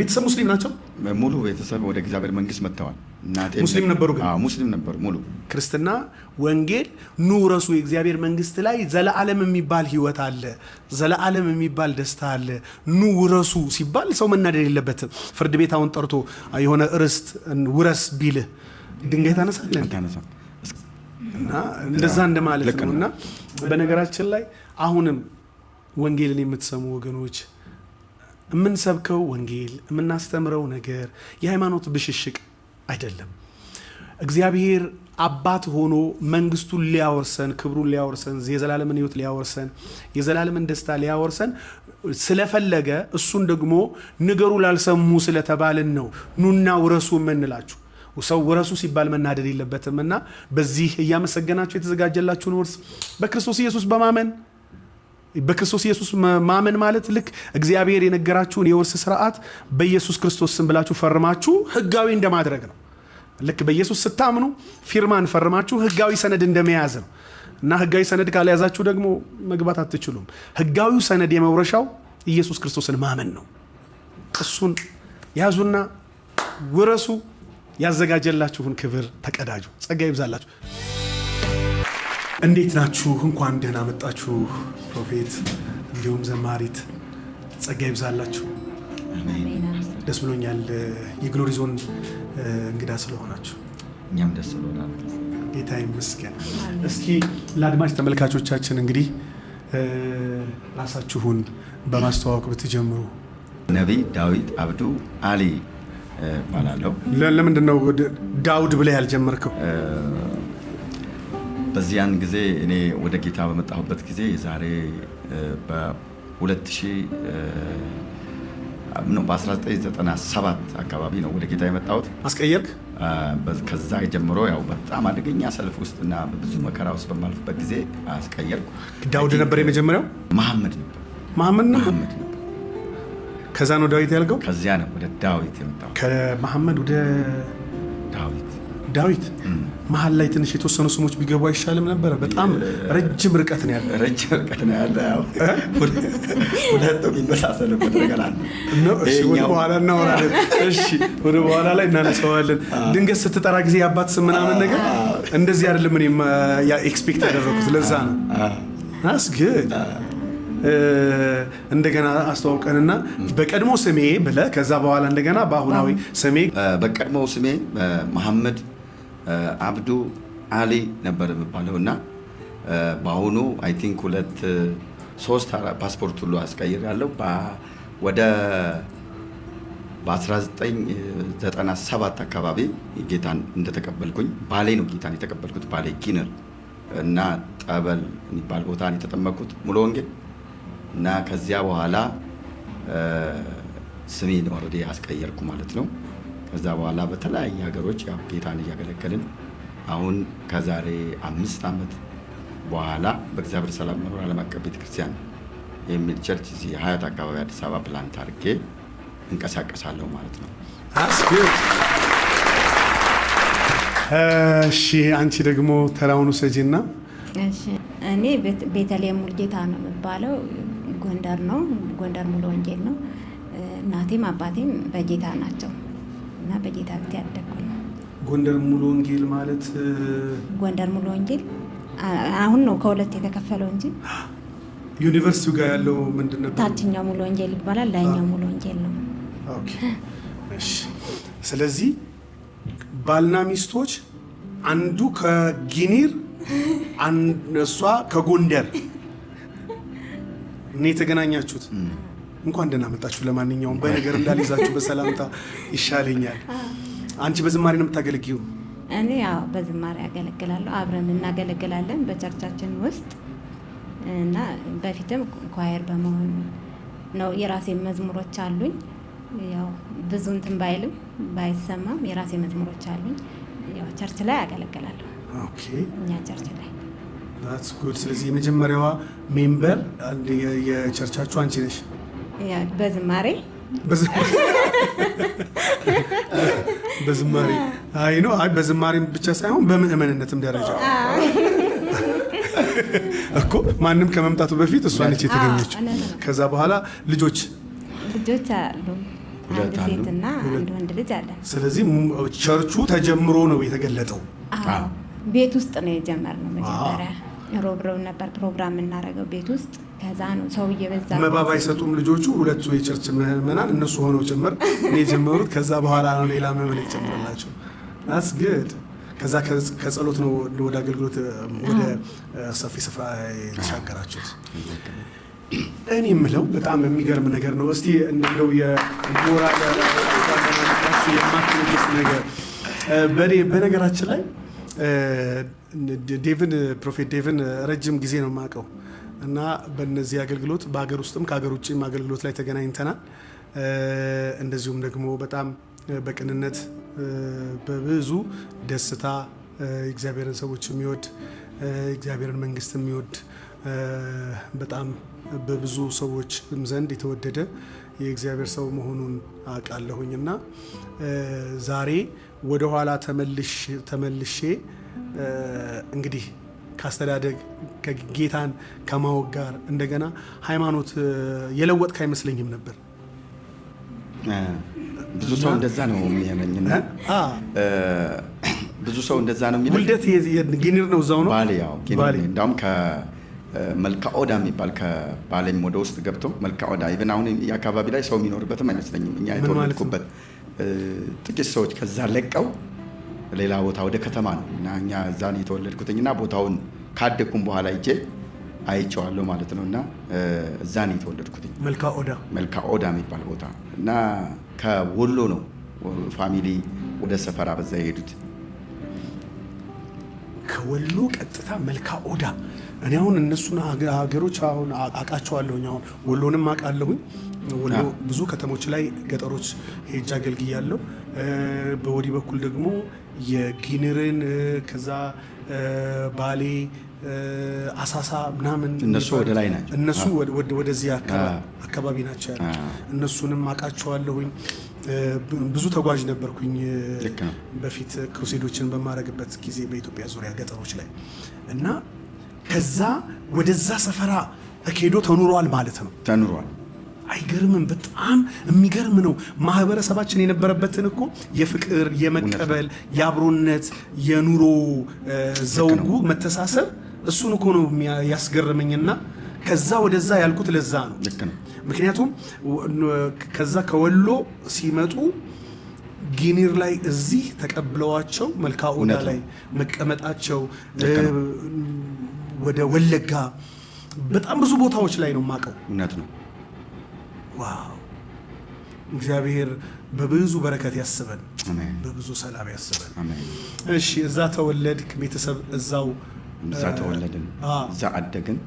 ቤተሰብ ሙስሊም ናቸው። ሙሉ ቤተሰብ ወደ እግዚአብሔር መንግስት መጥተዋል። ሙስሊም ነበሩ፣ ግን ሙስሊም ነበሩ። ሙሉ ክርስትና ወንጌል ኑረሱ የእግዚአብሔር መንግስት ላይ ዘለዓለም የሚባል ህይወት አለ፣ ዘለዓለም የሚባል ደስታ አለ። ኑ ሲባል ሰው መናደድ የለበትም። ፍርድ ቤት አሁን ጠርቶ የሆነ ርስት ውረስ ቢልህ ድንጋይ ታነሳለህ እና እንደዛ እንደማለት ነው። እና በነገራችን ላይ አሁንም ወንጌልን የምትሰሙ ወገኖች የምንሰብከው ወንጌል የምናስተምረው ነገር የሃይማኖት ብሽሽቅ አይደለም። እግዚአብሔር አባት ሆኖ መንግስቱን ሊያወርሰን ክብሩን ሊያወርሰን የዘላለምን ህይወት ሊያወርሰን የዘላለምን ደስታ ሊያወርሰን ስለፈለገ እሱን ደግሞ ንገሩ ላልሰሙ ስለተባልን ነው ኑና ውረሱ የምንላችሁ። ሰው ውረሱ ሲባል መናደድ የለበትም እና በዚህ እያመሰገናችሁ የተዘጋጀላችሁን ውርስ በክርስቶስ ኢየሱስ በማመን በክርስቶስ ኢየሱስ ማመን ማለት ልክ እግዚአብሔር የነገራችሁን የውርስ ስርዓት በኢየሱስ ክርስቶስ ስም ብላችሁ ፈርማችሁ ህጋዊ እንደማድረግ ነው። ልክ በኢየሱስ ስታምኑ ፊርማን ፈርማችሁ ህጋዊ ሰነድ እንደመያዝ ነው እና ህጋዊ ሰነድ ካልያዛችሁ ደግሞ መግባት አትችሉም። ህጋዊው ሰነድ የመውረሻው ኢየሱስ ክርስቶስን ማመን ነው። እሱን ያዙና ውረሱ። ያዘጋጀላችሁን ክብር ተቀዳጁ። ጸጋ ይብዛላችሁ። እንዴት ናችሁ? እንኳን ደህና መጣችሁ። ፕሮፌት እንዲሁም ዘማሪት ጸጋ ይብዛላችሁ። ደስ ብሎኛል የግሎሪ ዞን እንግዳ ስለሆናችሁ። እኛም ደስ ብሎናል። ጌታ ይመስገን። እስኪ ለአድማጭ ተመልካቾቻችን እንግዲህ ራሳችሁን በማስተዋወቅ ብትጀምሩ። ነቢይ ዳዊት አብዱ አሊ እባላለሁ። ለምንድን ነው ዳውድ ብለህ ያልጀመርከው? በዚያን ጊዜ እኔ ወደ ጌታ በመጣሁበት ጊዜ ዛሬ በ1997 አካባቢ ነው ወደ ጌታ የመጣሁት። አስቀየርክ። ከዛ ጀምሮ ያው በጣም አደገኛ ሰልፍ እና ብዙ መከራ ውስጥ በማልፍበት ጊዜ አስቀየርኩ። ዳውድ ነበር የመጀመሪያው። መሐመድ ነበር። መሐመድ ነበር። ከዛ ነው ዳዊት ያልገው። ከዚያ ነው ወደ ዳዊት የመጣሁት። ከመሐመድ ወደ ዳዊት ዳዊት መሀል ላይ ትንሽ የተወሰኑ ስሞች ቢገቡ አይሻልም ነበረ? በጣም ረጅም ርቀት ነው ያለ፣ ረጅም ርቀት ነው ያለ። ሁለቱ የሚመሳሰልበት ነገር አለ። በኋላ እናወራለን። እሺ፣ ወደ በኋላ ላይ እናነሳዋለን። ድንገት ስትጠራ ጊዜ የአባት ስም ምናምን ነገር እንደዚህ አይደለም። እኔም ኤክስፔክት ያደረኩት ለዛ ነው። አስግድ እንደገና አስተዋውቀንና በቀድሞ ስሜ ብለህ ከዛ በኋላ እንደገና በአሁናዊ ስሜ በቀድሞ ስሜ መሐመድ አብዱ አሊ ነበር የሚባለው እና በአሁኑ አይ ቲንክ ሁለት ሶስት ፓስፖርት ሁሉ አስቀይር ያለው ወደ በ1997 አካባቢ ጌታን እንደተቀበልኩኝ ባሌ ነው ጌታን የተቀበልኩት ባሌ ኪነር እና ጠበል የሚባል ቦታ የተጠመኩት ሙሉ ወንጌል እና ከዚያ በኋላ ስሜን ወረዴ አስቀየርኩ ማለት ነው። ከዛ በኋላ በተለያየ ሀገሮች ያው ጌታን እያገለገልን አሁን ከዛሬ አምስት ዓመት በኋላ በእግዚአብሔር ሰላም መኖር ዓለም አቀፍ ቤተክርስቲያን የሚል ቸርች እዚህ ሀያት አካባቢ አዲስ አበባ ፕላንት አድርጌ እንቀሳቀሳለሁ ማለት ነው። እሺ፣ አንቺ ደግሞ ተራውኑ ሰጂና። እኔ ቤተልሔም ሙልጌታ ነው የሚባለው። ጎንደር ነው። ጎንደር ሙሉ ወንጌል ነው። እናቴም አባቴም በጌታ ናቸው። እና በጌታ ቤት ያደጉ ጎንደር ሙሉ ወንጌል ማለት ጎንደር ሙሉ ወንጌል አሁን ነው ከሁለት የተከፈለው እንጂ ዩኒቨርሲቲው ጋር ያለው ምንድን ነበር? ታችኛው ሙሉ ወንጌል ይባላል፣ ላይኛው ሙሉ ወንጌል ነው። ስለዚህ ባልና ሚስቶች አንዱ ከጊኒር እሷ ከጎንደር እኔ የተገናኛችሁት እንኳን ደህና መጣችሁ። ለማንኛውም በነገር እንዳልይዛችሁ በሰላምታ ይሻለኛል። አንቺ በዝማሬ ነው የምታገለግዩ? እኔ ያው በዝማሬ ያገለግላለሁ። አብረን እናገለግላለን በቸርቻችን ውስጥ እና በፊትም ኳየር በመሆን ነው። የራሴ መዝሙሮች አሉኝ። ያው ብዙ እንትን ባይልም ባይሰማም የራሴ መዝሙሮች አሉኝ። ያው ቸርች ላይ ያገለግላለሁ። እኛ ቸርች ላይ ስለዚህ የመጀመሪያዋ ሜምበር የቸርቻችሁ አንቺ ነሽ? በዝማሬ በዝማሬ አይ ነው። አይ በዝማሬም ብቻ ሳይሆን በምእመንነትም ደረጃ እኮ ማንም ከመምጣቱ በፊት እሷ ነች የተገኘች። ከዛ በኋላ ልጆች ልጆች አሉ አንድ አንድ ወንድ ልጅ አለ። ስለዚህ ቸርቹ ተጀምሮ ነው የተገለጠው። ቤት ውስጥ ነው የጀመርነው። መጀመሪያ ሮብረው ነበር ፕሮግራም የምናደርገው ቤት ውስጥ ከዛ ነው ሰው እየበዛ መባ ባይሰጡም ልጆቹ ሁለቱ የቸርች ምዕመናን እነሱ ሆነው ጭምር እኔ የጀመሩት ከዛ በኋላ ነው ሌላ ምዕመን የጨምርላቸው ስ ከዛ ከጸሎት ነው ወደ አገልግሎት ወደ ሰፊ ስፍራ የተሻገራችሁት። እኔ የምለው በጣም የሚገርም ነገር ነው። እስቲ እንደው የሞራል የማትነግስ ነገር በነገራችን ላይ ዴቭን ፕሮፌት ዴቭን ረጅም ጊዜ ነው የማውቀው እና በነዚህ አገልግሎት በሀገር ውስጥም ከሀገር ውጭም አገልግሎት ላይ ተገናኝተናል። እንደዚሁም ደግሞ በጣም በቅንነት በብዙ ደስታ እግዚአብሔርን ሰዎች የሚወድ እግዚአብሔርን መንግስት የሚወድ በጣም በብዙ ሰዎችም ዘንድ የተወደደ የእግዚአብሔር ሰው መሆኑን አውቃለሁኝ እና ዛሬ ወደኋላ ተመልሼ እንግዲህ ከአስተዳደግ ከጌታን ከማወቅ ጋር እንደገና ሃይማኖት የለወጥክ አይመስለኝም ነበር። ብዙ ሰው እንደዛ ነው የሚሆነኝና ብዙ ሰው እንደዛ ነው የሚለው። ውልደት ጊኒር ነው እዛው ነው ባሌ። ያው እንዳውም ከመልካኦዳ የሚባል ከባሌም ወደ ውስጥ ገብቶ መልካኦዳ ኢቨን አሁን የአካባቢ ላይ ሰው የሚኖርበትም አይመስለኝም እኛ የተወለድኩበት ጥቂት ሰዎች ከዛ ለቀው ሌላ ቦታ ወደ ከተማ ነው እና እኛ እዛን የተወለድኩትኝና ቦታውን ካደግኩም በኋላ ይቼ አይቼዋለሁ ማለት ነው። እና እዛን የተወለድኩትኝ መልካ ኦዳ መልካ ኦዳ የሚባል ቦታ እና ከወሎ ነው ፋሚሊ ወደ ሰፈራ በዛ የሄዱት ከወሎ ቀጥታ መልካ ኦዳ። እኔ አሁን እነሱን ሀገሮች አሁን አውቃቸዋለሁኝ። አሁን ወሎንም አውቃለሁኝ። ወሎ ብዙ ከተሞች ላይ ገጠሮች ሄጅ አገልግያለሁ። በወዲህ በኩል ደግሞ የጊኒርን ከዛ ባሌ አሳሳ ምናምን እነሱ ወደ ላይ ናቸው። እነሱ ወደዚህ አካባቢ ናቸው ያለ እነሱንም አውቃቸዋለሁኝ። ብዙ ተጓዥ ነበርኩኝ በፊት ክሩሴዶችን በማድረግበት ጊዜ በኢትዮጵያ ዙሪያ ገጠሮች ላይ እና ከዛ ወደዛ ሰፈራ ሄዶ ተኑሯል ማለት ነው ተኑሯል አይገርምም? በጣም የሚገርም ነው። ማህበረሰባችን የነበረበትን እኮ የፍቅር የመቀበል የአብሮነት የኑሮ ዘውጉ መተሳሰብ፣ እሱን እኮ ነው ያስገርመኝና ከዛ ወደዛ ያልኩት ለዛ ነው። ምክንያቱም ከዛ ከወሎ ሲመጡ ጊኒር ላይ እዚህ ተቀብለዋቸው መልካ ኦዳ ላይ መቀመጣቸው ወደ ወለጋ በጣም ብዙ ቦታዎች ላይ ነው የማውቀው። እውነት ነው። ዋው እግዚአብሔር በብዙ በረከት ያስበን፣ በብዙ ሰላም ያስበን። እሺ፣ እዛ ተወለድክ፣ ቤተሰብ እዛው እዛ ተወለድን፣ እዛ አደግን።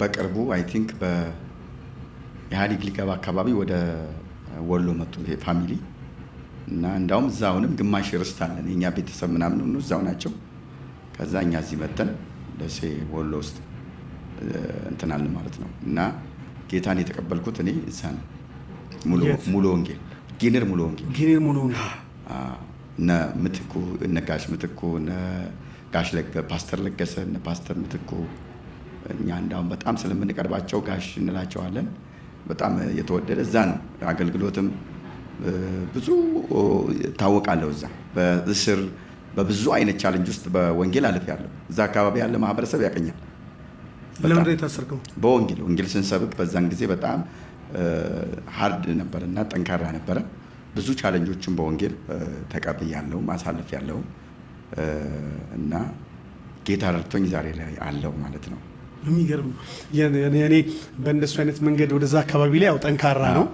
በቅርቡ አይ ቲንክ በኢህአዴግ ሊገባ አካባቢ ወደ ወሎ መጡ ይሄ ፋሚሊ እና እንዳውም እዛ አሁንም ግማሽ ርስት አለን የእኛ ቤተሰብ ምናምን እዛው ናቸው። ከዛ እኛ እዚህ መጠን ደሴ ወሎ ውስጥ እንትናለን ማለት ነው እና ጌታን የተቀበልኩት እኔ እዛ ነው። ሙሉ ወንጌል ጊኒር ሙሉ ወንጌል ጊኒር ሙሉ እነ ምትኩ እነ ጋሽ ምትኩ እነ ጋሽ ለገ ፓስተር ለገሰ እነ ፓስተር ምትኩ እኛ እንዳሁን በጣም ስለምንቀርባቸው ጋሽ እንላቸዋለን። በጣም የተወደደ እዛ ነው። አገልግሎትም ብዙ እታወቃለሁ። እዛ በእስር በብዙ አይነት ቻለንጅ ውስጥ በወንጌል አልፍ ያለው እዛ አካባቢ ያለ ማህበረሰብ ያቀኛል። በለምንድን የታሰርከው? በወንጌል ወንጌል ስንሰብክ በዛን ጊዜ በጣም ሀርድ ነበር እና ጠንካራ ነበረ። ብዙ ቻለንጆችን በወንጌል ተቀብያለሁም አሳልፌያለሁም እና ጌታ ረድቶኝ ዛሬ ላይ አለው ማለት ነው። የሚገርም እኔ በእንደሱ አይነት መንገድ ወደዛ አካባቢ ላይ ያው ጠንካራ ነው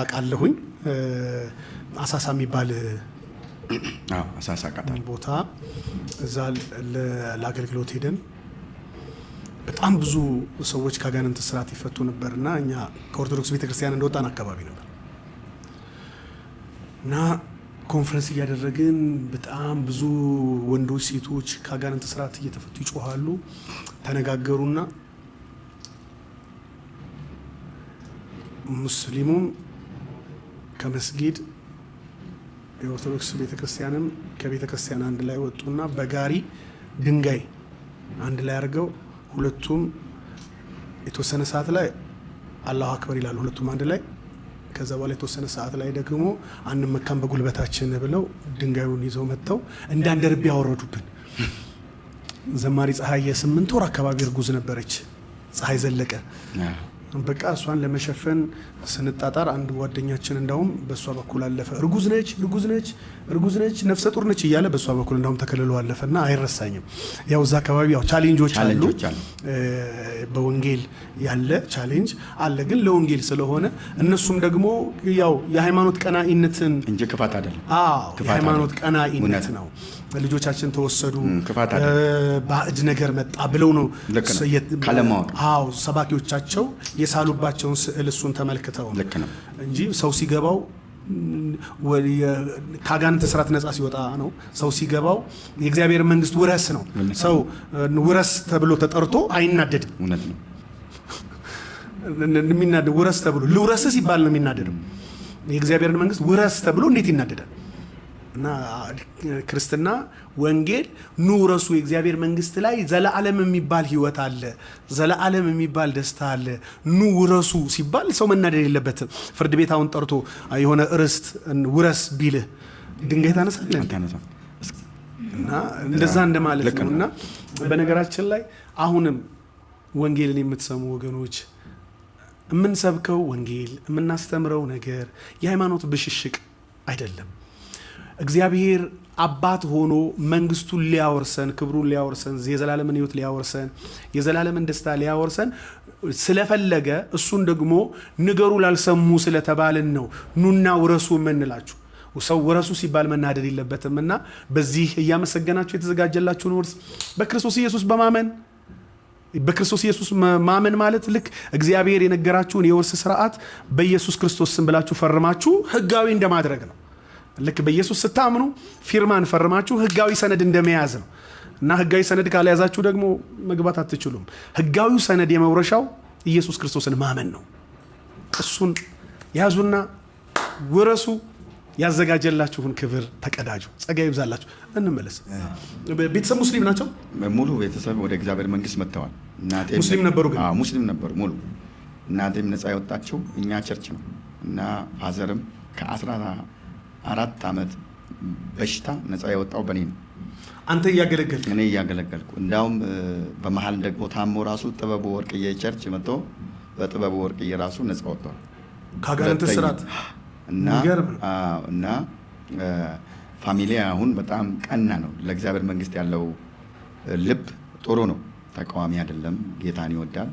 አውቃለሁኝ። አሳሳ የሚባል አሳሳ ቦታ እዛ ለአገልግሎት ሄደን በጣም ብዙ ሰዎች ከአጋንንት ስርዓት ይፈቱ ነበር እና እኛ ከኦርቶዶክስ ቤተክርስቲያን እንደወጣን አካባቢ ነበር እና ኮንፈረንስ እያደረግን በጣም ብዙ ወንዶች፣ ሴቶች ከአጋንንት ስርዓት እየተፈቱ ይጮኋሉ። ተነጋገሩና ሙስሊሙም ከመስጊድ የኦርቶዶክስ ቤተክርስቲያንም ከቤተክርስቲያን አንድ ላይ ወጡና በጋሪ ድንጋይ አንድ ላይ አድርገው ሁለቱም የተወሰነ ሰዓት ላይ አላሁ አክበር ይላሉ፣ ሁለቱም አንድ ላይ። ከዛ በኋላ የተወሰነ ሰዓት ላይ ደግሞ አንመካም በጉልበታችን ብለው ድንጋዩን ይዘው መጥተው እንዳንደርብ ያወረዱብን። ዘማሪ ፀሐይ የስምንት ወር አካባቢ እርጉዝ ነበረች። ፀሐይ ዘለቀ በቃ እሷን ለመሸፈን ስንጣጣር አንድ ጓደኛችን እንዳውም በእሷ በኩል አለፈ። እርጉዝ ነች፣ እርጉዝ ነች፣ እርጉዝ ነች፣ ነፍሰ ጡር ነች እያለ በእሷ በኩል እንዳውም ተከልሎ አለፈ እና አይረሳኝም። ያው እዛ አካባቢ ያው ቻሌንጆች አሉ። በወንጌል ያለ ቻሌንጅ አለ፣ ግን ለወንጌል ስለሆነ እነሱም ደግሞ ያው የሃይማኖት ቀናኢነትን እንጂ ክፋት አይደለም። አዎ የሃይማኖት ቀናኢነት ነው። ልጆቻችን ተወሰዱ፣ ባዕድ ነገር መጣ ብለው ነው ሰባኪዎቻቸው የሳሉባቸውን ስዕል እሱን ተመልክተው እንጂ ሰው ሲገባው ከአጋንንት ስርዓት ነጻ ሲወጣ ነው። ሰው ሲገባው የእግዚአብሔር መንግስት ውረስ ነው። ሰው ውረስ ተብሎ ተጠርቶ አይናደድም። ውረስ ተብሎ ልውረስ ሲባል ነው የሚናደድም። የእግዚአብሔርን መንግስት ውረስ ተብሎ እንዴት ይናደዳል? እና ክርስትና ወንጌል ኑ ውረሱ የእግዚአብሔር መንግስት ላይ ዘለዓለም የሚባል ህይወት አለ፣ ዘለዓለም የሚባል ደስታ አለ፣ ኑ ውረሱ ሲባል ሰው መናደድ የለበትም። ፍርድ ቤት አሁን ጠርቶ የሆነ ርስት ውረስ ቢልህ ድንጋይ ታነሳለህ እና እንደዛ እንደማለት ነው። እና በነገራችን ላይ አሁንም ወንጌልን የምትሰሙ ወገኖች የምንሰብከው ወንጌል የምናስተምረው ነገር የሃይማኖት ብሽሽቅ አይደለም። እግዚአብሔር አባት ሆኖ መንግስቱን ሊያወርሰን ክብሩን ሊያወርሰን የዘላለምን ህይወት ሊያወርሰን የዘላለምን ደስታ ሊያወርሰን ስለፈለገ እሱን ደግሞ ንገሩ ላልሰሙ ስለተባልን ነው ኑና ውረሱ የምንላችሁ። ሰው ውረሱ ሲባል መናደድ የለበትም እና በዚህ እያመሰገናችሁ የተዘጋጀላችሁን ውርስ በክርስቶስ ኢየሱስ በማመን በክርስቶስ ኢየሱስ ማመን ማለት ልክ እግዚአብሔር የነገራችሁን የውርስ ስርዓት በኢየሱስ ክርስቶስ ስም ብላችሁ ፈርማችሁ ህጋዊ እንደማድረግ ነው። ልክ በኢየሱስ ስታምኑ ፊርማን ፈርማችሁ ህጋዊ ሰነድ እንደመያዝ ነው እና ህጋዊ ሰነድ ካልያዛችሁ ደግሞ መግባት አትችሉም። ህጋዊው ሰነድ የመውረሻው ኢየሱስ ክርስቶስን ማመን ነው። እሱን ያዙና ውረሱ። ያዘጋጀላችሁን ክብር ተቀዳጁ። ጸጋ ይብዛላችሁ። እንመለስ። ቤተሰብ ሙስሊም ናቸው። ሙሉ ቤተሰብ ወደ እግዚአብሔር መንግስት መጥተዋል። ሙስሊም ነበሩ፣ ግን ሙስሊም ነበሩ ሙሉ። እናቴም ነፃ የወጣችው እኛ ቸርች ነው እና ፋዘርም ከአስራ አራት ዓመት በሽታ ነፃ የወጣው በኔ ነው። አንተ እያገለገልክ እኔ እያገለገልኩ እንዲያውም በመሀል ደግሞ ታሞ ራሱ ጥበቡ ወርቅዬ ቸርች መጥቶ በጥበቡ ወርቅዬ ራሱ ነፃ ወጥቷል ከአጋንንት ስርዓት እና ፋሚሊ አሁን በጣም ቀና ነው። ለእግዚአብሔር መንግስት ያለው ልብ ጥሩ ነው። ተቃዋሚ አይደለም። ጌታን ይወዳል።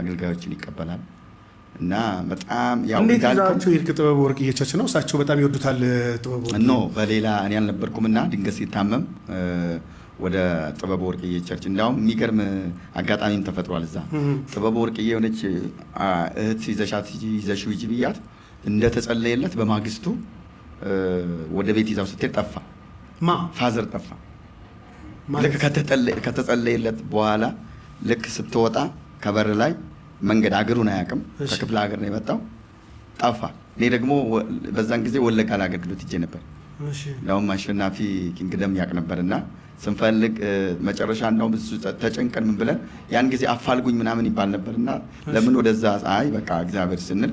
አገልጋዮችን ይቀበላል። እና በጣም እንዴት ዛቸው ጥበብ ወርቅ ወርቅየቻች ነው እሳቸው በጣም ይወዱታል። ጥበብ ኖ በሌላ እኔ አልነበርኩም እና ድንገት ሲታመም ወደ ጥበብ ወርቅዬ ቸርች እንዲያውም የሚገርም አጋጣሚም ተፈጥሯል። እዛ ጥበብ ወርቅዬ የሆነች እህት ይዘሻት ይዘሽ ሂጂ ብያት እንደተጸለየለት በማግስቱ ወደ ቤት ይዛው ስትሄድ ጠፋ። ማ ፋዘር ጠፋ። ልክ ከተጸለየለት በኋላ ልክ ስትወጣ ከበር ላይ መንገድ አገሩን አያውቅም። ከክፍለ ሀገር ነው የመጣው። ጠፋ። እኔ ደግሞ በዛን ጊዜ ወለጋ ላገልግሎት ሄጄ ነበር። ያውም አሸናፊ ኪንግደም ያውቅ ነበር እና ስንፈልግ መጨረሻ እንዳውም ተጨንቀን ምን ብለን ያን ጊዜ አፋልጉኝ ምናምን ይባል ነበር እና ለምን ወደዛ ፀሐይ በቃ እግዚአብሔር ስንል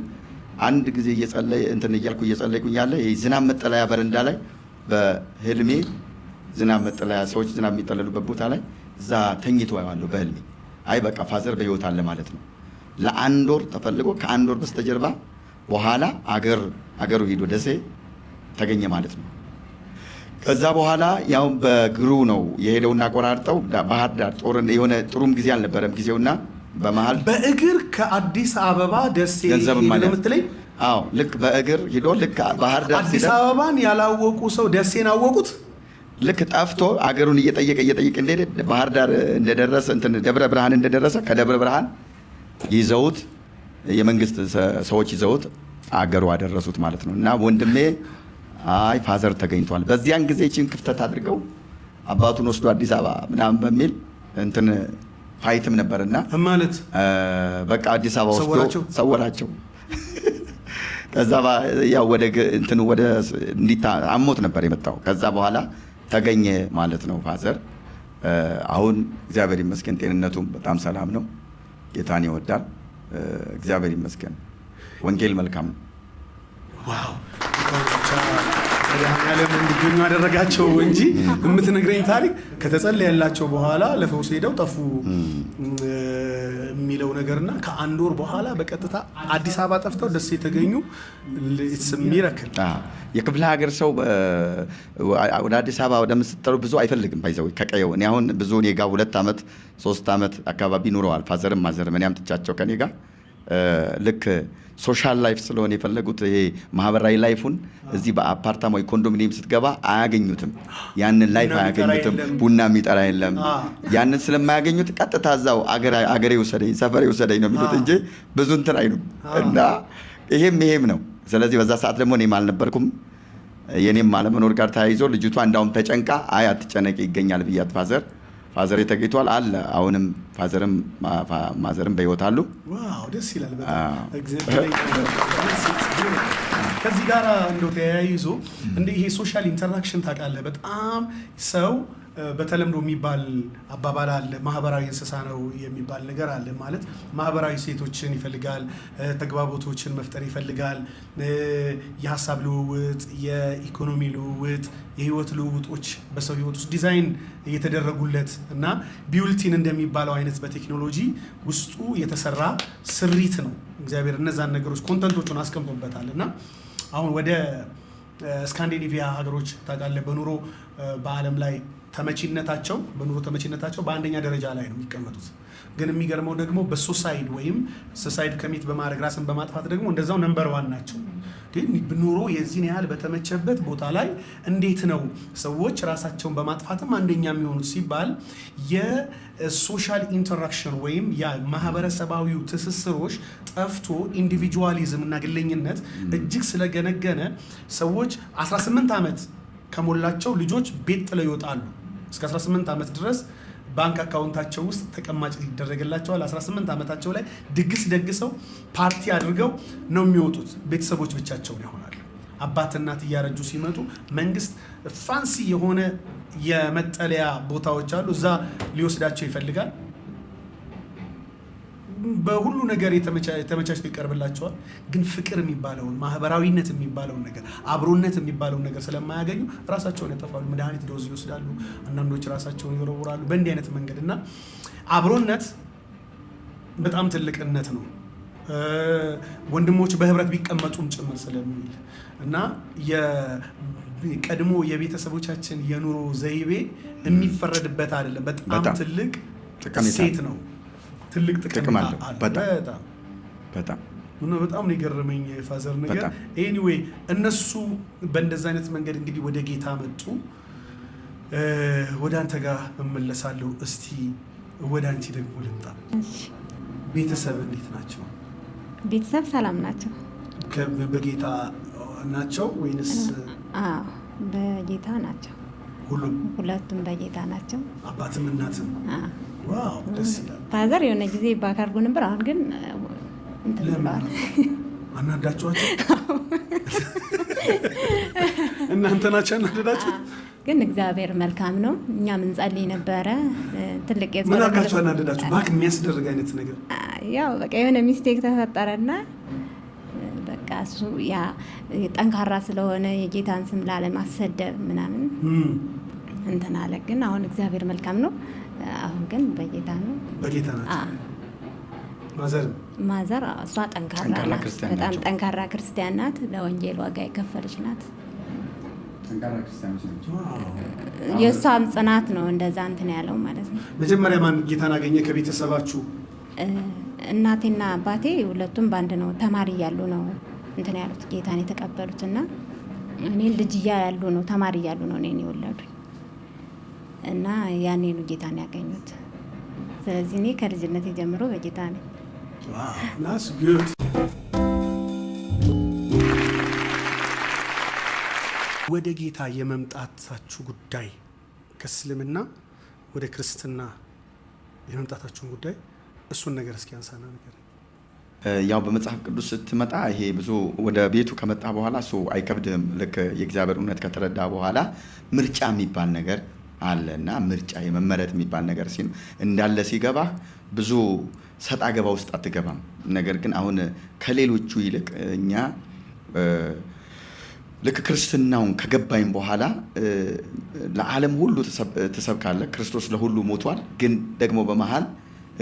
አንድ ጊዜ እየጸለይ እንትን እያልኩ እየጸለይኩኝ ያለ ዝናብ መጠለያ በረንዳ ላይ በህልሜ ዝናብ መጠለያ ሰዎች ዝናብ የሚጠለሉበት ቦታ ላይ እዛ ተኝቶ ያዋለሁ በህልሜ። አይ በቃ ፋዘር በህይወት አለ ማለት ነው ለአንድ ወር ተፈልጎ ከአንድ ወር በስተጀርባ በኋላ አገር አገሩ ሂዶ ደሴ ተገኘ ማለት ነው። ከዛ በኋላ ያው በግሩ ነው የሄደውና ቆራርጠው ባህር ዳር ጦር የሆነ ጥሩም ጊዜ አልነበረም ጊዜውና በመሀል በእግር ከአዲስ አበባ ደሴ ለምትለኝ አዎ ልክ በእግር ሂዶ ልክ ባህር ዳር አዲስ አበባን ያላወቁ ሰው ደሴን አወቁት። ልክ ጠፍቶ አገሩን እየጠየቀ እየጠየቀ እንደሄደ ባህር ዳር እንደደረሰ እንትን ደብረ ብርሃን እንደደረሰ ከደብረ ብርሃን ይዘውት የመንግስት ሰዎች ይዘውት አገሩ አደረሱት ማለት ነው። እና ወንድሜ አይ ፋዘር ተገኝቷል። በዚያን ጊዜ ችን ክፍተት አድርገው አባቱን ወስዶ አዲስ አበባ ምናምን በሚል እንትን ፋይትም ነበርና ማለት በቃ አዲስ አበባ ወስዶ ሰወራቸው። ከዛ ያው ወደ እንትን ወደ እንዲታ አሞት ነበር የመጣው። ከዛ በኋላ ተገኘ ማለት ነው ፋዘር። አሁን እግዚአብሔር ይመስገን ጤንነቱም በጣም ሰላም ነው። ጌታን ይወዳል። እግዚአብሔር ይመስገን። ወንጌል መልካም ነው። ያለም እንዲገኙ ያደረጋቸው እንጂ የምትነግረኝ ታሪክ ከተጸለየላቸው በኋላ ለፈውስ ሄደው ጠፉ የሚለው ነገርና ከአንድ ወር በኋላ በቀጥታ አዲስ አበባ ጠፍተው ደስ የተገኙ ሚረክል የክፍለ ሀገር ሰው ወደ አዲስ አበባ ወደምትጠሩ ብዙ አይፈልግም ይዘው ከቀየው እኔ አሁን ብዙ እኔ ጋ ሁለት ዓመት ሶስት ዓመት አካባቢ ኑረዋል ፋዘርም ማዘርም እኔ አምጥቻቸው ከኔ ጋር ልክ ሶሻል ላይፍ ስለሆነ የፈለጉት ይሄ ማህበራዊ ላይፉን እዚህ በአፓርታማ ወይ ኮንዶሚኒየም ስትገባ አያገኙትም። ያንን ላይፍ አያገኙትም። ቡና የሚጠራ የለም። ያንን ስለማያገኙት ቀጥታ እዛው አገሬ ውሰደኝ፣ ሰፈሬ ውሰደኝ ነው የሚሉት እንጂ ብዙ እንትን አይሉም። እና ይሄም ይሄም ነው። ስለዚህ በዛ ሰዓት ደግሞ እኔም አልነበርኩም። የኔም አለመኖር ጋር ተያይዞ ልጅቷ እንዳውም ተጨንቃ አይ አትጨነቅ ይገኛል ብያት ፋዘር ፋዘሬ ተገኝቷል አለ። አሁንም ፋዘርም ማዘርም በህይወት አሉ። ደስ ይላል። ከዚህ ጋር እንደው ተያይዞ እንደ ይሄ ሶሻል ኢንተራክሽን ታውቃለህ በጣም ሰው በተለምዶ የሚባል አባባል አለ። ማህበራዊ እንስሳ ነው የሚባል ነገር አለ። ማለት ማህበራዊ ሴቶችን ይፈልጋል፣ ተግባቦቶችን መፍጠር ይፈልጋል፣ የሀሳብ ልውውጥ፣ የኢኮኖሚ ልውውጥ፣ የህይወት ልውውጦች በሰው ህይወት ውስጥ ዲዛይን እየተደረጉለት እና ቢውልቲን እንደሚባለው አይነት በቴክኖሎጂ ውስጡ የተሰራ ስሪት ነው። እግዚአብሔር እነዛን ነገሮች ኮንተንቶቹን አስቀምጦበታል እና አሁን ወደ ስካንዲኔቪያ ሀገሮች ታውቃለህ በኑሮ በአለም ላይ ተመቺነታቸው በኑሮ ተመቺነታቸው በአንደኛ ደረጃ ላይ ነው የሚቀመጡት። ግን የሚገርመው ደግሞ በሶሳይድ ወይም ሶሳይድ ከሚት በማድረግ ራስን በማጥፋት ደግሞ እንደዛው ነንበር ዋን ናቸው። ኑሮ የዚህን ያህል በተመቸበት ቦታ ላይ እንዴት ነው ሰዎች ራሳቸውን በማጥፋትም አንደኛ የሚሆኑት ሲባል የሶሻል ኢንተራክሽን ወይም የማህበረሰባዊው ትስስሮች ጠፍቶ ኢንዲቪጁዋሊዝም እና ግለኝነት እጅግ ስለገነገነ ሰዎች 18 ዓመት ከሞላቸው ልጆች ቤት ጥለው ይወጣሉ። እስከ 18 ዓመት ድረስ ባንክ አካውንታቸው ውስጥ ተቀማጭ ይደረግላቸዋል። 18 ዓመታቸው ላይ ድግስ ደግሰው ፓርቲ አድርገው ነው የሚወጡት። ቤተሰቦች ብቻቸውን ይሆናሉ። አባት እናት እያረጁ ሲመጡ መንግስት ፋንሲ የሆነ የመጠለያ ቦታዎች አሉ፣ እዛ ሊወስዳቸው ይፈልጋል። በሁሉ ነገር ተመቻችቶ ይቀርብላቸዋል። ግን ፍቅር የሚባለውን ማህበራዊነት የሚባለውን ነገር አብሮነት የሚባለውን ነገር ስለማያገኙ ራሳቸውን ያጠፋሉ። መድኃኒት ዶዝ ይወስዳሉ። አንዳንዶች ራሳቸውን ይወረውራሉ። በእንዲህ አይነት መንገድ እና አብሮነት በጣም ትልቅነት ነው። ወንድሞች በህብረት ቢቀመጡም ጭምር ስለሚል እና ቀድሞ የቤተሰቦቻችን የኑሮ ዘይቤ የሚፈረድበት አይደለም። በጣም ትልቅ ሴት ነው። ትልቅ ጥቅም አለው። በጣም በጣም እና በጣም ነው የገረመኝ የፋዘር ነገር። ኤኒዌይ እነሱ በእንደዚ አይነት መንገድ እንግዲህ ወደ ጌታ መጡ። ወደ አንተ ጋር እመለሳለሁ። እስቲ ወደ አንቺ ደግሞ ልምጣ። ቤተሰብ እንዴት ናቸው? ቤተሰብ ሰላም ናቸው። በጌታ ናቸው ወይንስ? በጌታ ናቸው። ሁሉም ሁለቱም በጌታ ናቸው። አባትም እናትም ፋዘር የሆነ ጊዜ ባካርጎ ነበር። አሁን ግን አናዳችኋቸው? እናንተ ናቸው ያናደዳችሁት? ግን እግዚአብሔር መልካም ነው። እኛ ምንጸልይ ነበረ ትልቅ ምን አርጋችሁ አናደዳችሁ? ባክ የሚያስደርግ አይነት ነገር ያው በቃ የሆነ ሚስቴክ ተፈጠረና በቃ እሱ ያ ጠንካራ ስለሆነ የጌታን ስም ላለማሰደብ ምናምን እንትን አለ። ግን አሁን እግዚአብሔር መልካም ነው። አሁን ግን በጌታ ነው በጌታ ናቸው። ማዘር ማዘር እሷ ጠንካራ ናት፣ በጣም ጠንካራ ክርስቲያን ናት። ለወንጌል ዋጋ የከፈለች ናት። የእሷም ጽናት ነው እንደዛ እንትን ያለው ማለት ነው። መጀመሪያ ማን ጌታን አገኘ ከቤተሰባችሁ? እናቴና አባቴ ሁለቱም በአንድ ነው። ተማሪ እያሉ ነው እንትን ያሉት ጌታን የተቀበሉት እና እኔ ልጅ እያሉ ነው ተማሪ እያሉ ነው እኔን የወለዱኝ እና ያኔ ነው ጌታን ያገኙት። ስለዚህ እኔ ከልጅነት የጀምሮ በጌታ ነኝ። ወደ ጌታ የመምጣታችሁ ጉዳይ ከእስልምና ወደ ክርስትና የመምጣታችሁን ጉዳይ እሱን ነገር እስኪ አንሳና ነገር ያው በመጽሐፍ ቅዱስ ስትመጣ ይሄ ብዙ ወደ ቤቱ ከመጣ በኋላ እሱ አይከብድም። ልክ የእግዚአብሔር እውነት ከተረዳ በኋላ ምርጫ የሚባል ነገር አለ እና ምርጫ የመመረጥ የሚባል ነገር ሲ እንዳለ ሲገባ ብዙ ሰጣ ገባ ውስጥ አትገባም። ነገር ግን አሁን ከሌሎቹ ይልቅ እኛ ልክ ክርስትናውን ከገባኝ በኋላ ለዓለም ሁሉ ትሰብካለ ክርስቶስ ለሁሉ ሞቷል። ግን ደግሞ በመሃል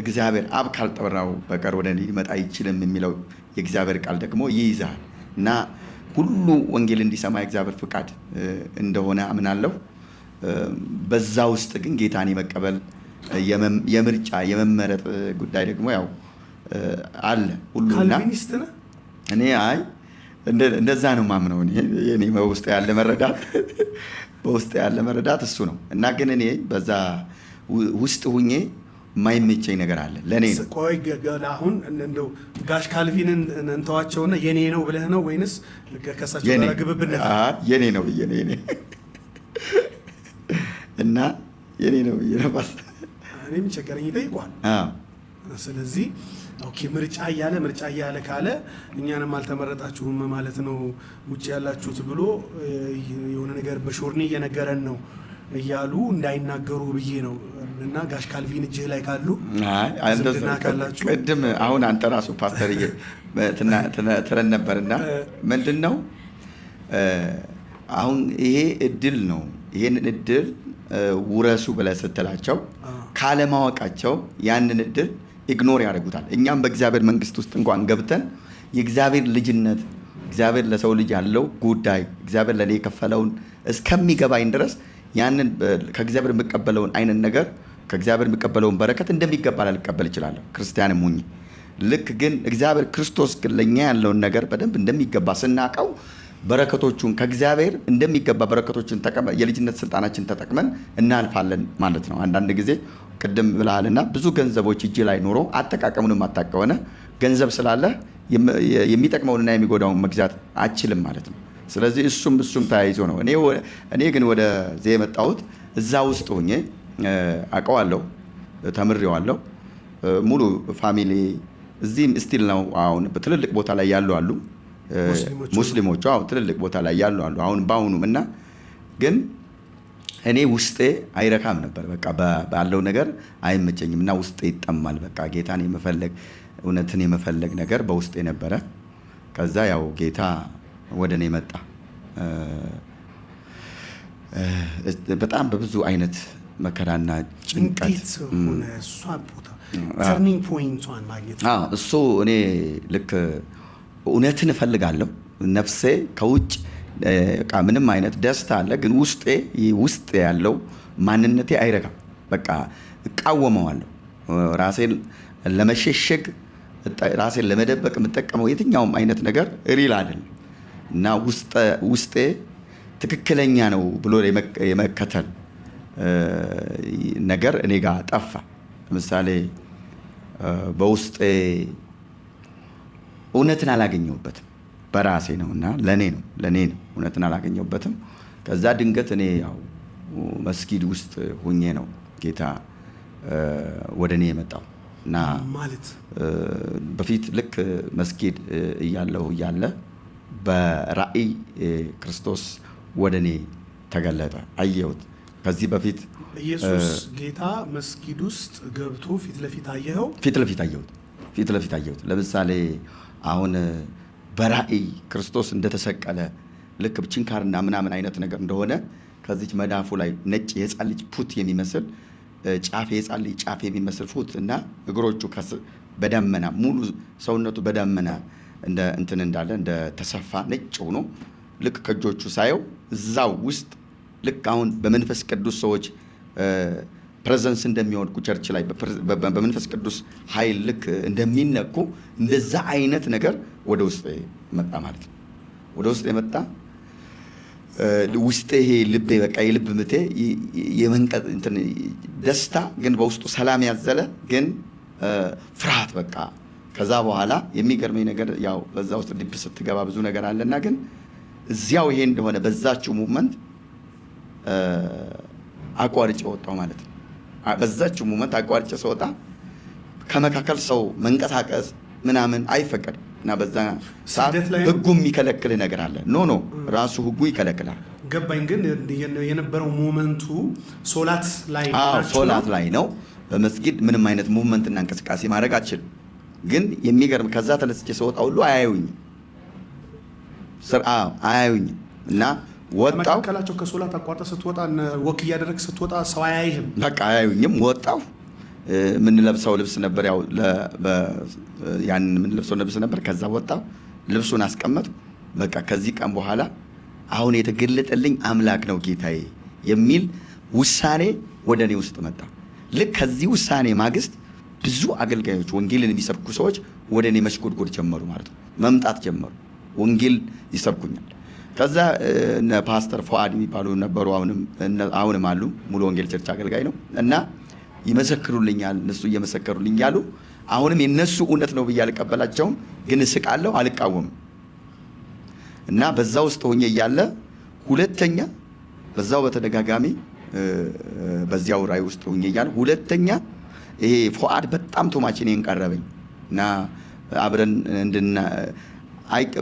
እግዚአብሔር አብ ካልጠራው በቀር ወደ እኔ ሊመጣ አይችልም የሚለው የእግዚአብሔር ቃል ደግሞ ይይዛል እና ሁሉ ወንጌል እንዲሰማ የእግዚአብሔር ፍቃድ እንደሆነ አምናለሁ። በዛ ውስጥ ግን ጌታን የመቀበል የምርጫ የመመረጥ ጉዳይ ደግሞ ያው አለ ሁሉና እኔ አይ እንደዛ ነው ማምነው እኔ በውስጥ ያለ መረዳት በውስጥ ያለ መረዳት እሱ ነው እና ግን እኔ በዛ ውስጥ ሁኜ የማይመቸኝ ነገር አለ ለእኔ ነው። ቆይ አሁን እንደው ጋሽ ካልቪንን እንተዋቸውና የኔ ነው ብለህ ነው ወይንስ ከሳቸው ጋር ግብብነት የኔ ነው ብዬ ነው እና የኔ ነው ይረባስ እኔም ቸገረኝ ይጠይቋል። ስለዚህ ኦኬ ምርጫ እያለ ምርጫ እያለ ካለ እኛንም አልተመረጣችሁም ማለት ነው ውጭ ያላችሁት ብሎ የሆነ ነገር በሾርኔ እየነገረን ነው እያሉ እንዳይናገሩ ብዬ ነው። እና ጋሽ ካልቪን እጅህ ላይ ካሉ ካላችሁ ቅድም አሁን አንተ ራሱ ፓስተርዬ ትለን ነበርና ምንድን ነው አሁን ይሄ እድል ነው። ይሄንን እድል ውረሱ ብለህ ስትላቸው ካለማወቃቸው ያንን እድል ኢግኖር ያደርጉታል። እኛም በእግዚአብሔር መንግስት ውስጥ እንኳን ገብተን የእግዚአብሔር ልጅነት እግዚአብሔር ለሰው ልጅ ያለው ጉዳይ እግዚአብሔር ለእኔ የከፈለውን እስከሚገባኝ ድረስ ያንን ከእግዚአብሔር የምቀበለውን አይነት ነገር ከእግዚአብሔር የምቀበለውን በረከት እንደሚገባ ላልቀበል እችላለሁ፣ ክርስቲያንም ሁኜ ልክ ግን እግዚአብሔር ክርስቶስ ግን ለእኛ ያለውን ነገር በደንብ እንደሚገባ ስናውቀው በረከቶቹን ከእግዚአብሔር እንደሚገባ በረከቶችን የልጅነት ስልጣናችን ተጠቅመን እናልፋለን ማለት ነው። አንዳንድ ጊዜ ቅድም ብልሃልና ብዙ ገንዘቦች እጅ ላይ ኖሮ አጠቃቀሙን ማታ ከሆነ ገንዘብ ስላለ የሚጠቅመውንና የሚጎዳውን መግዛት አችልም ማለት ነው። ስለዚህ እሱም እሱም ተያይዞ ነው። እኔ ግን ወደዚህ የመጣሁት እዛ ውስጥ ሆኜ አውቀዋለሁ፣ ተምሬዋለሁ። ሙሉ ፋሚሊ እዚህም ስቲል ነው አሁን በትልልቅ ቦታ ላይ ያሉ አሉ ሙስሊሞቹ አዎ ትልልቅ ቦታ ላይ ያሉ አሉ። አሁን በአሁኑም እና ግን እኔ ውስጤ አይረካም ነበር። በቃ ባለው ነገር አይመቸኝም እና ውስጤ ይጠማል። በቃ ጌታን የመፈለግ እውነትን የመፈለግ ነገር በውስጤ ነበረ። ከዛ ያው ጌታ ወደ እኔ መጣ። በጣም በብዙ አይነት መከራና ጭንቀት እሱ እኔ ልክ እውነትን እፈልጋለሁ። ነፍሴ ከውጭ ምንም አይነት ደስታ አለ፣ ግን ውስጤ ውስጥ ያለው ማንነቴ አይረጋም በቃ እቃወመዋለሁ። ራሴን ለመሸሸግ ራሴን ለመደበቅ የምጠቀመው የትኛውም አይነት ነገር ሪል አይደለም እና ውስጤ ትክክለኛ ነው ብሎ የመከተል ነገር እኔ ጋር ጠፋ። ለምሳሌ በውስጤ እውነትን አላገኘሁበትም። በራሴ ነው እና ለእኔ ነው ለእኔ ነው እውነትን አላገኘሁበትም። ከዛ ድንገት እኔ ያው መስጊድ ውስጥ ሁኜ ነው ጌታ ወደ እኔ የመጣው እና ማለት በፊት ልክ መስጊድ እያለሁ እያለ በራእይ ክርስቶስ ወደ እኔ ተገለጠ፣ አየሁት። ከዚህ በፊት ኢየሱስ ጌታ መስጊድ ውስጥ ገብቶ ፊት ለፊት አየኸው? ፊት ለፊት አየሁት። ፊት ለፊት አየሁት። ለምሳሌ አሁን በራእይ ክርስቶስ እንደተሰቀለ ልክ ችንካርና ምናምን አይነት ነገር እንደሆነ ከዚች መዳፉ ላይ ነጭ የህፃን ልጅ ፑት የሚመስል ጫፍ የህፃን ልጅ ጫፍ የሚመስል ፉት እና እግሮቹ በደመና ሙሉ ሰውነቱ በደመና እንደ እንትን እንዳለ እንደ ተሰፋ ነጭ ሆኖ ልክ ከእጆቹ ሳየው እዛው ውስጥ ልክ አሁን በመንፈስ ቅዱስ ሰዎች ፕሬዘንስ እንደሚወድቁ ቸርች ላይ በመንፈስ ቅዱስ ኃይል ልክ እንደሚነኩ እንደዛ አይነት ነገር ወደ ውስጥ መጣ ማለት ነው። ወደ ውስጥ የመጣ ውስጤ ይሄ ልቤ በቃ የልብ ምቴ የመንቀጥ ደስታ ግን በውስጡ ሰላም ያዘለ ግን ፍርሃት በቃ ከዛ በኋላ የሚገርመኝ ነገር ያው በዛ ውስጥ ዲፕ ስትገባ ብዙ ነገር አለና ግን እዚያው ይሄ እንደሆነ በዛችው ሙቭመንት አቋርጬ ወጣው ማለት ነው። በዛች ሙመንት አቋርጭ ስወጣ ከመካከል ሰው መንቀሳቀስ ምናምን አይፈቀድ እና በዛ ሰዓት ህጉ የሚከለክል ነገር አለ። ኖ ኖ ራሱ ህጉ ይከለክላል። ገባኝ። ግን የነበረው ሙመንቱ ሶላት ላይ ሶላት ላይ ነው። በመስጊድ ምንም አይነት ሙቭመንትና እንቅስቃሴ ማድረግ አልችልም። ግን የሚገርም ከዛ ተነስቼ ስወጣ ሁሉ አያዩኝም፣ አያዩኝም እና ወጣሁ ከሶላት አቋርጠህ ስትወጣ ወክ እያደረግህ ስትወጣ ሰው አያይህም። በቃ አያዩኝም። ወጣሁ። የምንለብሰው ልብስ ነበር፣ ያው ያን የምንለብሰው ልብስ ነበር። ከዛ ወጣው ልብሱን አስቀመጥ። በቃ ከዚህ ቀን በኋላ አሁን የተገለጠልኝ አምላክ ነው ጌታዬ የሚል ውሳኔ ወደ እኔ ውስጥ መጣ። ልክ ከዚህ ውሳኔ ማግስት ብዙ አገልጋዮች፣ ወንጌልን የሚሰብኩ ሰዎች ወደ እኔ መሽጎድጎድ ጀመሩ ማለት ነው፣ መምጣት ጀመሩ። ወንጌል ይሰብኩኛል ከዛ እነ ፓስተር ፎአድ የሚባሉ ነበሩ፣ አሁንም አሉ። ሙሉ ወንጌል ቸርች አገልጋይ ነው እና ይመሰክሩልኛል፣ እነሱ እየመሰከሩልኝ ያሉ አሁንም የነሱ እውነት ነው ብዬ አልቀበላቸውም፣ ግን እስቃለሁ፣ አልቃወምም። እና በዛ ውስጥ ሆኜ እያለ ሁለተኛ በዛው በተደጋጋሚ በዚያው ራይ ውስጥ ሆኜ እያለ ሁለተኛ ይሄ ፎአድ በጣም ቶማችን ቀረበኝ እና አብረን እንድና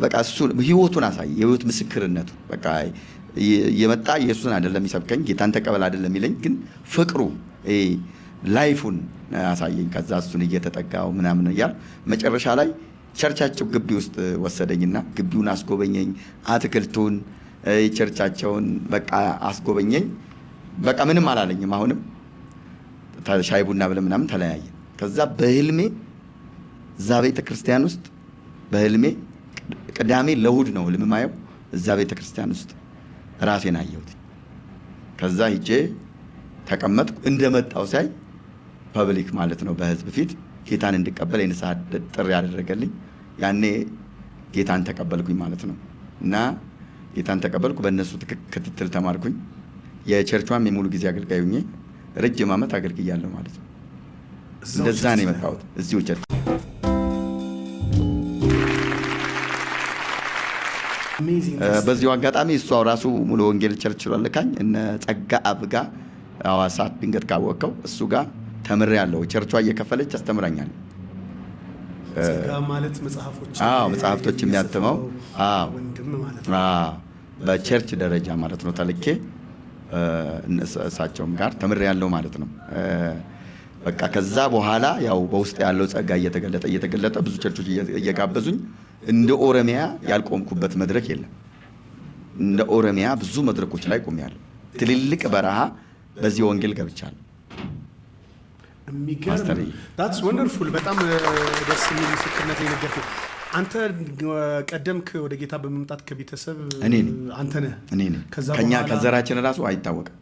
በቃ እሱ ህይወቱን አሳየ። የህይወት ምስክርነቱ በቃ የመጣ ኢየሱስን አይደለም ይሰብከኝ ጌታን ተቀበል አይደለም ይለኝ፣ ግን ፍቅሩ ላይፉን አሳየኝ። ከዛ እሱን እየተጠጋው ምናምን እያል መጨረሻ ላይ ቸርቻቸው ግቢ ውስጥ ወሰደኝና ግቢውን አስጎበኘኝ። አትክልቱን ቸርቻቸውን በቃ አስጎበኘኝ። በቃ ምንም አላለኝም። አሁንም ሻይ ቡና ብለን ምናምን ተለያየ ከዛ በህልሜ እዛ ቤተ ክርስቲያን ውስጥ በህልሜ ቅዳሜ ለእሑድ ነው ህልም ማየው። እዛ ቤተ ክርስቲያን ውስጥ ራሴን አየሁት። ከዛ ሂጄ ተቀመጥኩ። እንደመጣው ሳይ ፐብሊክ ማለት ነው በህዝብ ፊት ጌታን እንድቀበል የንስሐ ጥሪ ያደረገልኝ ያኔ ጌታን ተቀበልኩኝ ማለት ነው። እና ጌታን ተቀበልኩ። በእነሱ ክትትል ተማርኩኝ። የቸርቿም የሙሉ ጊዜ አገልጋይ ሁኜ ረጅም ዓመት አገልግያለሁ ማለት ነው። እንደዛ ነው የመጣሁት እዚሁ ቸርች Eh, በዚሁ አጋጣሚ እሷ ራሱ ሙሉ ወንጌል ቸርች ልካኝ እነ ጸጋ አብጋ አዋሳ ድንገት ካወቀው እሱ ጋር ተምሬ ያለው ቸርቿ እየከፈለች አስተምራኛል። ማለት መጽሐፍቶች የሚያትመው በቸርች ደረጃ ማለት ነው። ተልኬ እሳቸውም ጋር ተምሬ ያለው ማለት ነው። በቃ ከዛ በኋላ ያው በውስጥ ያለው ጸጋ እየተገለጠ እየተገለጠ ብዙ ቸርቾች እየጋበዙኝ እንደ ኦሮሚያ ያልቆምኩበት መድረክ የለም። እንደ ኦሮሚያ ብዙ መድረኮች ላይ ቆሜያለሁ። ትልልቅ በረሃ በዚህ ወንጌል ገብቻለሁ። የሚገርም ወንደርፉል። በጣም ደስ የሚል ምስክርነት የነገርኩ አንተ ቀደምክ ወደ ጌታ በመምጣት ከቤተሰብ አንተ ነህ። ከኛ ከዘራችን ራሱ አይታወቅም።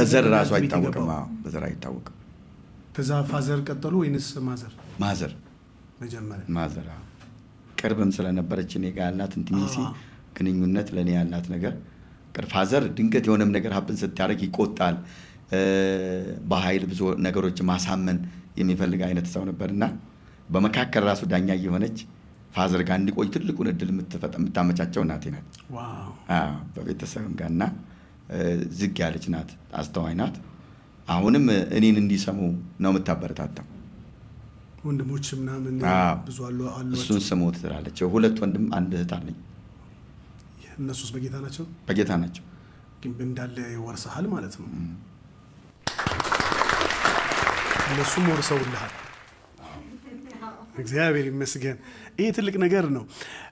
በዘር ራሱ አይታወቅም። በዘር አይታወቅም። ከዛ ፋዘር ቀጠሉ ወይንስ ማዘር? ማዘር መጀመሪያ ማዘር ቅርብም ስለነበረች እኔ ጋር ያላት ኢንቲሜሲ ግንኙነት ለእኔ ያላት ነገር ፋዘር ድንገት የሆነም ነገር ሀብን ስታደርግ ይቆጣል። በኃይል ብዙ ነገሮች ማሳመን የሚፈልግ አይነት ሰው ነበርና በመካከል ራሱ ዳኛ እየሆነች ፋዘር ጋር እንዲቆይ ትልቁን እድል የምታመቻቸው እናቴ ናት። በቤተሰብም ጋርና ዝግ ያለች ናት፣ አስተዋይ ናት። አሁንም እኔን እንዲሰሙ ነው የምታበረታታው። ወንድሞች ምናምን ብዙ አሉ እሱን ስሙት ትላለች። ሁለት ወንድም አንድ እህት አለኝ። እነሱስ በጌታ ናቸው? በጌታ ናቸው። ግን እንዳለ ይወርሰሃል ማለት ነው። እነሱም ወርሰውልሃል። እግዚአብሔር ይመስገን። ይሄ ትልቅ ነገር ነው።